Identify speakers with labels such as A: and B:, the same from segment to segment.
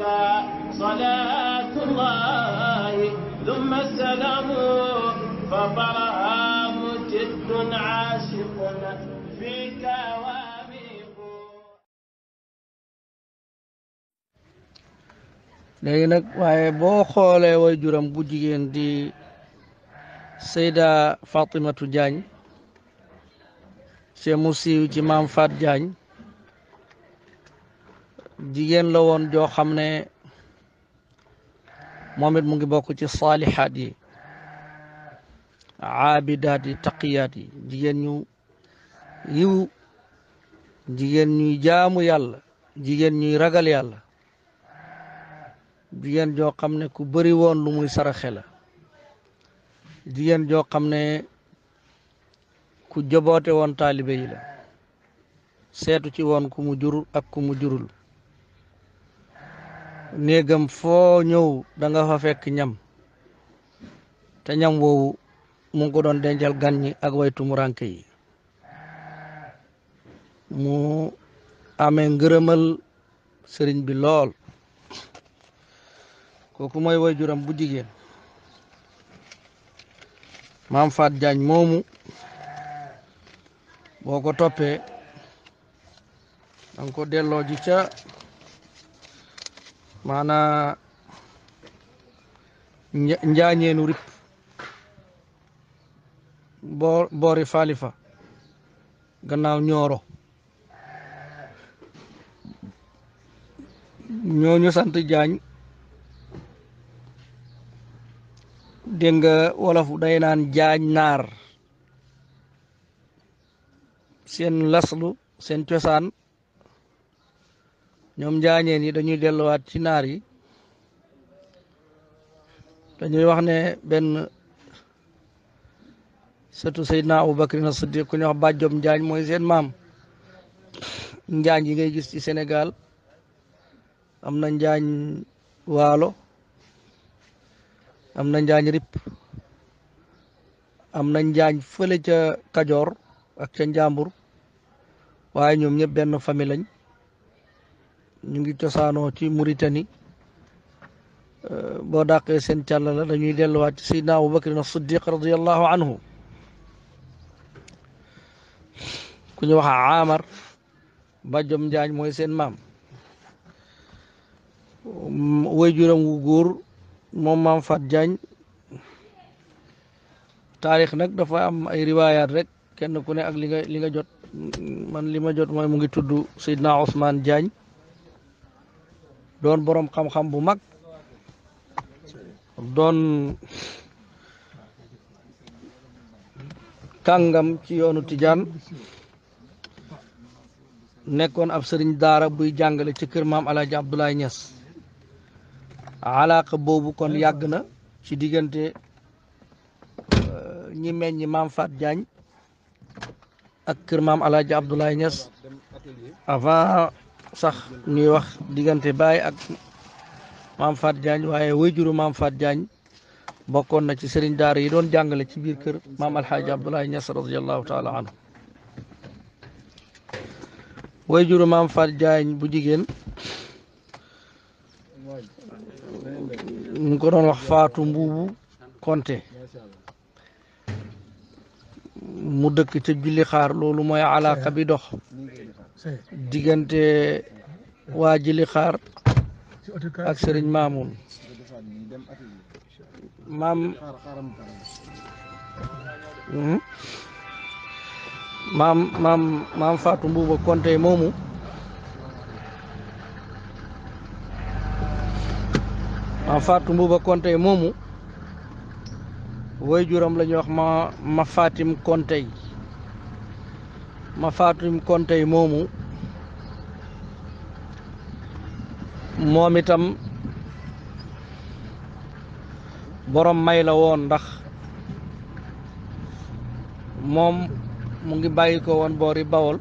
A: عليك صلاة الله ثم السلام فطرها مجد عاشق فيك واميق léegi nag waaye boo xoolee way juram bu jigéen di Seyda Fatimatu Diagne ci mu siiw ci maam Faat Diagne jigéen la woon joo xam ne moomit mu ngi bokk ci saalihaat yi aabidaat yi taqiyaat yi jigéen ñu yiw jigéen ñuy jaamu yàlla jigéen ñuy ragal yàlla jigéen joo xam ne ku bëri woon lu muy saraxe la jigéen joo xam ne ku joboote woon taalibe la seetu ci woon ku mu jurul néegam foo ñëw da fa fekk ñam te ñam woowu mu ngi ko doon dencal gan ñi ak waytu mu yi mu amee ngërëmal sëriñ bi lool kooku mooy waajuram bu jigéen maam Faat Jaañ moomu boo ko toppee danga delloo ji maanaa njaañeenu rip boor boori faalifa gannaaw ñooro ñooñu sant jaañ dégg nga wolofu day naan jaañ naar seen laslu seen cosaan ñoom njaañeen yi dañuy delluwaat ci naar yi dañuy wax ne benn surtout Seydina Aboubacar na Siddiq ko ñuy wax bàjjom njaañ mooy seen maam njaañ yi ngay gis ci Sénégal am na njaañ waalo am na njaañ rip am na njaañ fële ca Kajoor ak ca Njàmbur waaye ñoom ñëpp benn famille lañ ñu ngi cosaanoo ci Mauritanie boo dàqee seen càllala dañuy delluwaat ci Seydina Abubakar na Siddiq radiyallahu anhu ku ñu wax Aamar Bajom Njaañ mooy seen maam waajuram wu góor moom maam Fat Njaañ taarix nag dafa am ay riwaayaat rek kenn ku ne ak li nga li nga jot man li ma jot mooy mu ngi tudd Seydina Ousmane Njaañ doon boroom xam-xam bu mag doon kàngam ci yoonu tijaan nekkoon ab sëriñ daara buy jàngale ci kër maam alaaji Abdoulaye Niass alaaka boobu kon yàgg na ci diggante euh, ñi meññi maam Fat Diagne ak kër maam alaaji Abdoulaye Niass avant sax ñuy wax diggante Baye ak maam Fat Diagne waaye wéyjuru maam Fat Diagne bokkoon na ci sëriñ yi doon jàngale ci biir kër maam Alxaaji Abdoulaye Niass radiallahu taala anhu wéyjuru maam Fat Diagne bu jigéen ñu ko doon wax Faatu Mbuubu Konte mu dëkk ca julli xaar loolu mooy alaaka bi dox diggante waa julli xaar ak sëriñ Maamun maam hmm? maam maam maam Fatou Mbuuba Konte moomu maam Fatou Mbuuba Konte moomu woy juram la ñuy wax ma ma Fatim Kontey ma Fatim Kontey moomu moom itam boroom may la woon ndax moom mu ngi bàyyi ko woon boori Bawol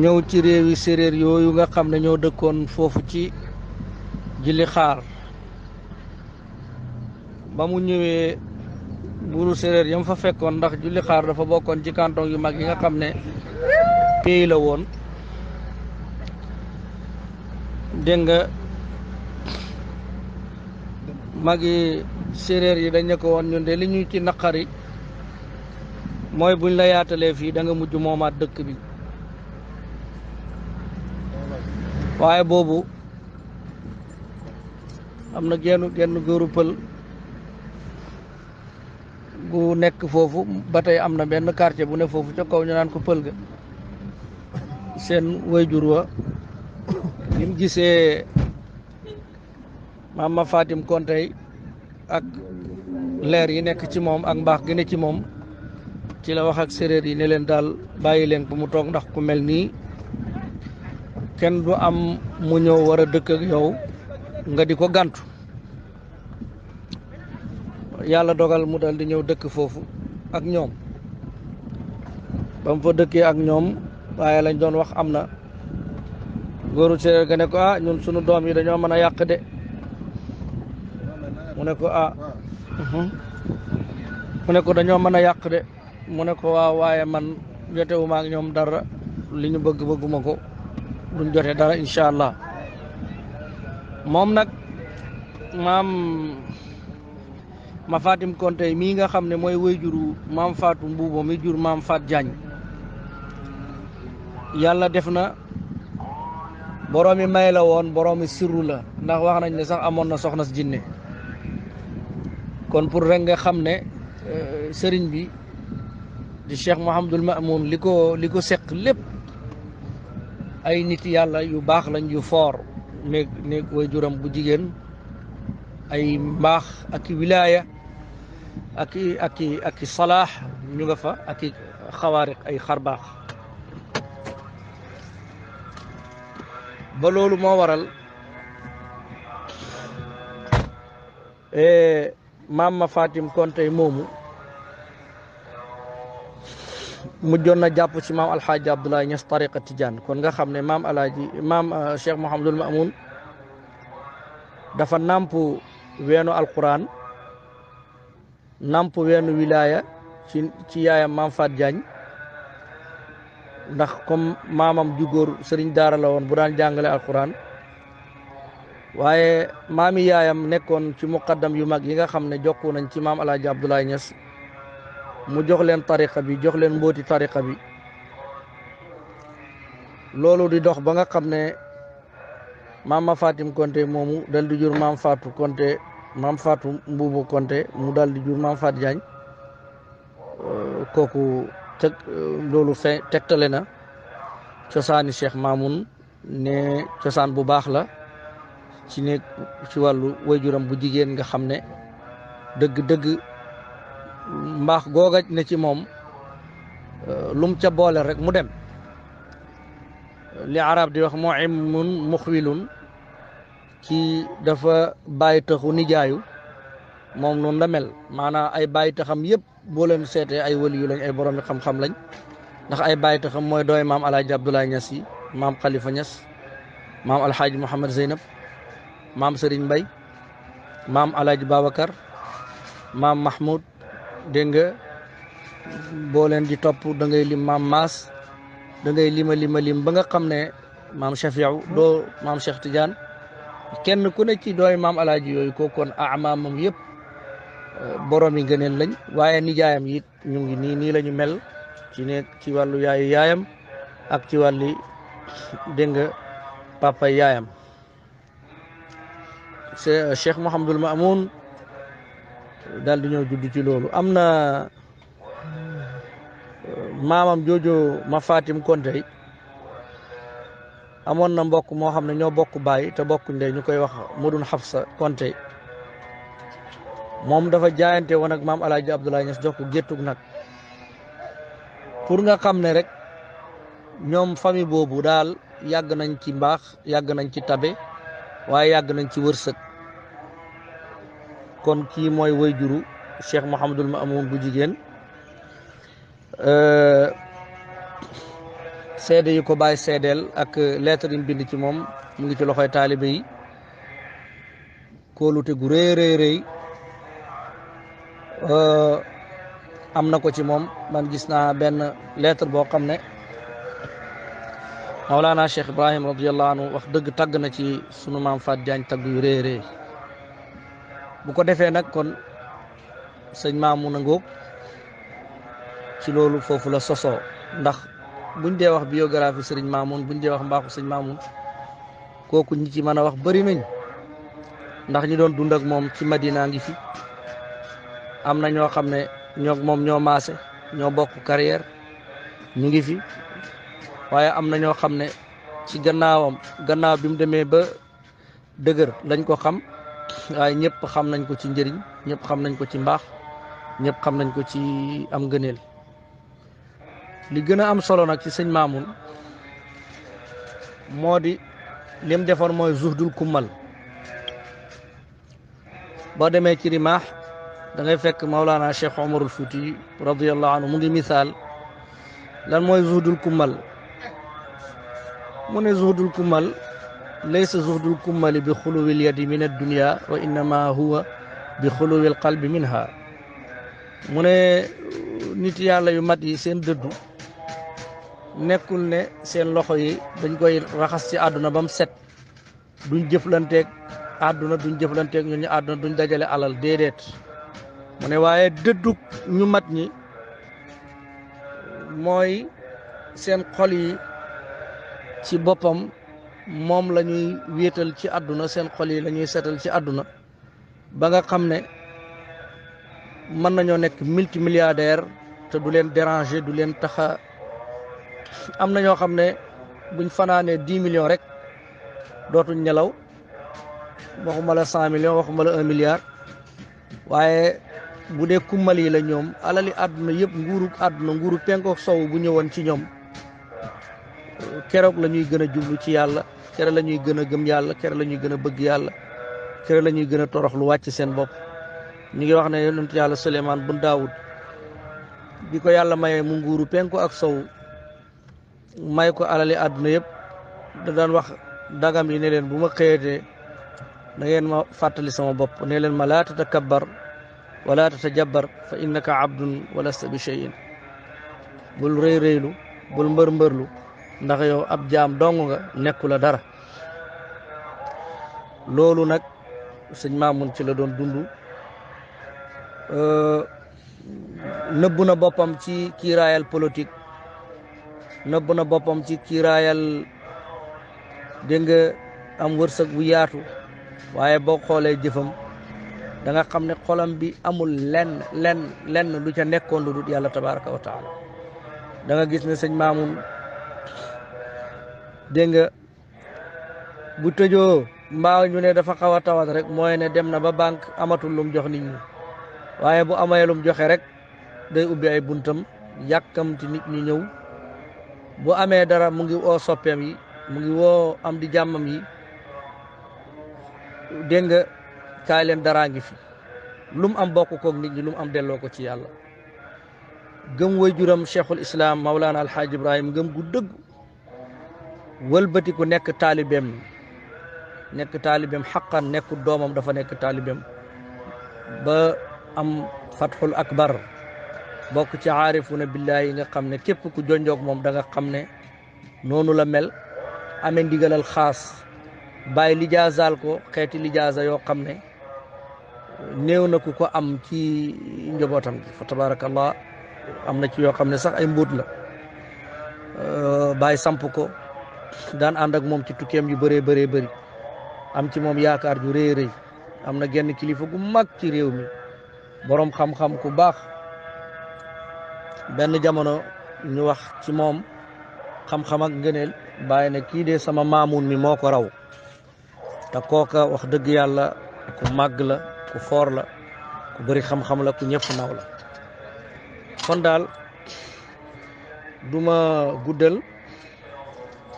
A: ñëw ci réewi séeréer yooyu nga xam ne ñoo dëkkoon foofu ci jili xaar ba mu ñëwee buuru séeréer yam fa fekkoon ndax julli xaar dafa bokkoon ci canton mag yi nga xam ne pays la woon dégg nga magi séeréer yi dañ ne ko woon ñun de li ñu ci naqari mooy buñ la yaatalee fii danga mujj moomaat dëkk bi waaye boobu am na genn genn góoru pël gu nekk foofu ba tey am na benn quartier bu ne foofu ca kaw ñu naan ko pël ga seen wayjur wa mu gisee maam ma Fatim Kontey ak leer yi nekk ci moom ak mbaax gi ne ci moom ci la wax ak séréer yi ne leen daal bàyyi leen ko mu toog ndax ku mel nii kenn du am mu ñëw war a dëkk ak yow nga di ko gàntu yàlla dogal mu dal di ñëw dëkk foofu ak ñoom ba mu fa dëkkee ak ñoom waaye lañ doon wax am na góoru séeréer ga ne ko ah ñun sunu doom yi dañoo mën a yàq de mu ne ko ah mhm. mu ne ko dañoo mën a yàq de mu ne ko waaw waaye man jotewuma ak ñoom dara li ñu bëgg bëgguma ko duñ jote dara incha allah moom nag maam ma Fatim Konté mii nga xam ne mooy wéyjuru maam faatu Mbuuba mi jur maam Fat Diagne yàlla def na boroomi may la woon boroomi sirru la ndax wax nañ ne sax amoon na soxna si jinne kon pour rek nga xam ne euh, sëriñ bi di Cheikh Mouhamadul Mamoun li ko li ko seq lépp ay nit yàlla yu baax lañ yu foor néeg néeg way juram bu jigéen ay mbaax ak i wilaaya ak salaax ñu nga fa ak i xawaariq ay xarbaax ba loolu moo waral e, maam ma Fatim Konte moomu mujjoon na jàpp ci maam alxaaji Abdoulaye Niass tariqa Tijaan kon nga xam ne maam alaaji maam Cheikh Mouhamadul Mamoun dafa nàmpu weenu alquran namp weenu wilaaya ci ci yaayam maam Faat Jaañ ndax comme maamam ju góor sëriñ daara woon bu daan jàngale alquran waaye maami yaayam nekkoon ci muqaddam yu mag yi nga xam ne jokku nañ ci maam Alaaji Abdoulaye Niass mu jox leen tariqa bi jox leen mbóoti tariqa bi loolu di dox ba nga xam ne maam ma Fatim Konte moomu dal jur maam faatu Konte maam faatu Mbuubu Konte mu dal di jur maam faat Diagne euh, kooku teg euh, loolu fe tegtale na cosaani Cheikh Mamoun ne cosaan bu baax la ci ne ci wàllu wayjuram bu jigéen nga xam ne dëgg-dëgg mbaax googa ne ci moom euh, lum ca boole rek mu dem li arab di wax moo immun muxwilun ci dafa bàyyi taxu nijaayu moom noonu la mel maanaam ay bàyyi taxam yëpp boo leen seetee ay waliyu lañ ay borom xam-xam lañ ndax ay bàyyi taxam mooy dooy maam alaaji Abdoulaye Niass maam Khalifa Niass maam alhaaji Mouhamed Zeynab maam Serigne Mbaye maam alaaji Babacar maam Mahmoud dégg nga boo di topp da maam Maas da ngay lima lima lim ba nga xam ne maam Chafiu doo maam Cheikh Tidiane kenn ku ne ci dooy maam alaaji yooyu ko kon ama moom yëpp euh, borom yi gëneel lañ waaye nijaayam it ñu ngi nii nii la mel ci ne ci wàllu yaayu yaayam ak ci wàlli dégg nga papa yaayam Cheikh Mouhamadul Mamoun daal di ñëw judd ci loolu am na maamam jooju ma Fatim Konte amoon na mbokk moo xam ne ñoo bokk baay te bokk ndey ñu koy wax Mudun Hafsa Konte moom dafa jaayante woon ak maam El Hadj Abdoulaye Niass jox ko nag pour nga xam ne rek ñoom famille boobu daal yàgg nañ ci mbaax yàgg nañ ci tabe waaye yàgg nañ ci wërsëg kon kii mooy way juru Cheikh Mouhamadul Mamoun bu jigéen Euh, seede yi ko bàyyi seedeel ak lettre yi mu bind ci moom mu ngi ci loxoy taalibe yi kóolute gu rëy rëy rëy euh, am na ko ci moom man gis naa benn lettre boo xam ne Mawlana Cheikh Ibrahim radiallahu anhu wax dëgg tagg na ci sunu maam Fat Diagne tagg yu rëy bu ko defee nag kon sëñ maamu na ngoog ci loolu foofu la sosoo ndax buñ dee wax bi biographie sëriñ Maamoun buñ dee wax mbaaxu sëriñ Maamoun kooku ñi ci mën a wax bëri nañ ndax ñi doon dund ak moom ci Madina ngi fi am na ñoo xam ne ñoo moom ñoo maase ñoo bokk carrière ñu ngi fi waaye am na ñoo xam ne ci gannaawam gannaaw bi mu demee ba dëgër lañ ko xam waaye ñëpp xam nañ ko ci njëriñ ñëpp xam nañ ko ci mbaax ñëpp xam nañ ko ci am ngëneel li gën a am solo nag ci sëñ Maamun moo di lim defoon mooy zuhdul kummal boo demee ci dangay da ngay fekk Maulana Cheikh Omarul Fouti radiyallahu anhu mu ngi misaal lan mooy zuhdul kummal mu ne zuhdul kummal laysa zuhdul kummali bi xuluwil yadi min addunya wa innama huwa bi xuluwil qalbi minha mu ne nit yàlla yu mat yi seen dëddu nekkul ne seen loxo yi dañ koy raxas ci àdduna ba mu set duñ jëflanteek àdduna duñ jëflanteek ñu ñu àdduna duñ dajale alal déedéet mu ne waaye dëddug ñu mat ñi mooy seen xol yi ci boppam moom la ñuy wéetal ci àdduna seen xol yi lañuy ñuy setal ci àdduna ba nga xam ne mën nañoo nekk multimilliardaire te du leen derangé du leen taxa am na ñoo xam ne buñ fanaanee dix millions rek dootuñ nelaw waxuma la cent millions waxuma la un milliard waaye bu dee kummal la ñoom alali àdduna yëpp nguuru àdduna nguuru penko sow bu ñëwoon ci ñoom keroog la ñuy gën a jublu ci yàlla kere la ñuy gën a gëm yàlla kere la ñuy gën a bëgg yàlla kere la gën a torox lu wàcc seen bopp ñu ngi wax ne yonentu yàlla Suleymaan bun Daawud bi ko yàlla mayee mu nguuru penku ak sow may ko alali àdduna yëpp da daan wax dagam yi ne leen bu ma xëyatee da ma fàttali sama bopp ne leen ma laa ta wala tatajabbar fa innaka abdun wa lasta bi cheyin bul rëy rëylu bul mbër mbërlu ndax yow ab jaam dong nga nekkula dara loolu nag sëñ Maamun ci la doon dund nëbbu na boppam ci kiiraayal politique nëbb na boppam ci kiiraayal dégg nga am wërsëg bu yaatu waaye boo xoolee jëfam danga xam ne xolam bi amul lenn lenn lenn lu ca nekkoon lu dut yàlla tabaraka wa taala danga gis ne sëñ Maamun dégg nga bu tëjoo mbaaw ñu ne dafa xaw a tawat rek mooy ne dem na ba banque amatul lum jox nit ñi waaye boo amee lum joxe rek day ubbi ay buntam yàkkamti nit ñi ñëw bu amee dara mu ngi woo soppeem yi mu ngi woo am di jàmmam yi dégg nga kaay daraa ngi fi lu am bokk koog nit ñi am delloo ko ci yàlla gëm way juram cheikhul islam maulana alhaaj ibrahim gëm gu dëgg wëlbati ku nekk taalibeem nekk taalibeem xaqan nekk doomam dafa nekk taalibeem ba am fathul akbar bokk ci aarifuna billahi yi nga xam ne kepp ku jonjoog moom da nga xam ne noonu la mel amee ndigalal xaas bàyyi lijaasaal ko xeeti lijaasa yoo xam ne néew na ku ko am ci njabootam gi fa tabaarakallah am na ci yoo xam ne sax ay mbuut la euh, bàyyi samp ko daan ànd ak moom ci tukkeem yu bëree bëree bëri am ci moom yaakaar ju rëy rëy am na genn kilifa gu mag ci réew mi boroom xam-xam ku baax benn jamono ñu wax ci moom xam-xam ak ngëneel bàyyi ne kii de sama maamun mi moo ko raw te kooka wax dëgg yàlla ku màgg la ku foor la ku bëri xam-xam la ku ñëpp naw la kon daal du ma guddal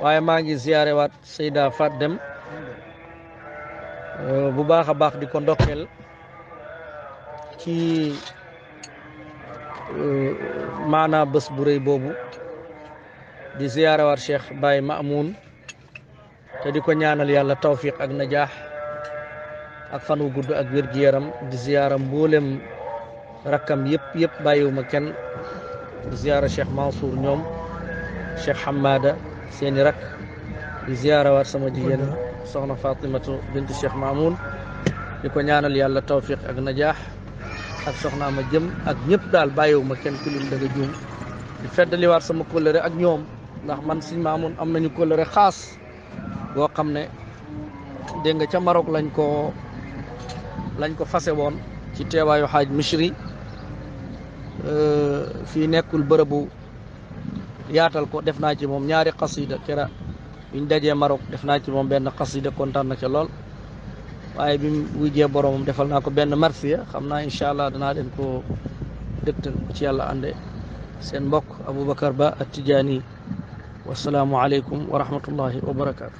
A: waaye maa ngi ziyaare waat Seyda Fat Dem euh, bu baax a baax di ko ndokkeel ci euh, maanaa bés bu rëy boobu di ziyaarawaat Cheikh Baye Mamoun te di ko ñaanal yàlla tawfiq ak najaax ak fan wu gudd ak wér yaram di ziyaara mboolem rakkam yëpp yëpp ma kenn di ziyaara Cheikh Mansour ñoom Cheikh Hamada seeni rakk di war sama jigéen soxna Fatimatu bintu Cheikh Mamoun di ko ñaanal yàlla tawfiq ak najaax ak soxnaa ma jëm ak ñépp daal bàyyiwu ma kenn kulim da nga juum di feddaliwaat sama kóllëre ak ñoom ndax man ma maamoon am nañu kóllëre xaas boo xam ne dégg nga ca Maroc lañ ko lañ ko fase woon ci teewaayu xaaj Misri euh, fii nekkul bërëbu yaatal ko def naa ci moom ñaari xasida kera biñ dajee Maroc def naa ci moom benn xasida kontaan na ca lool waaye bi mu wujjee boromam defal naa ko benn marsiya xam naa incha allah danaa leen ko dëgtal ci yàlla ànde seen mbokk Aboubacar Ba at-Tijaani wasalaamualeykum wa rahmatullahi wa barakaatu.